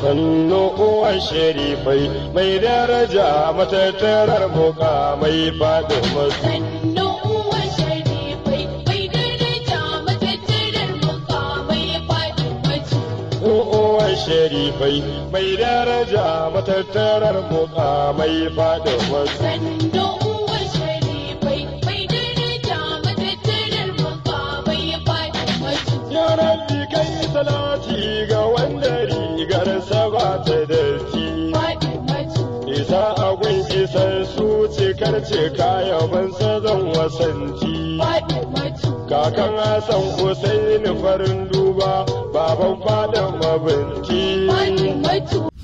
sannu uwan sharifai mai daraja matattarar boka mai faɗi sannu uwan sharifai mai daraja matattarar boka mai faɗi uwan sharifai mai daraja matattarar boka mai faɗi sannu uwan sharifai mai daraja matattarar boka mai faɗi ya rabbi kai salati ga ta darki isa agun isar su cikar cika yaban sazon wasanci kakan hassan usaini farin duba baban fadin mabinci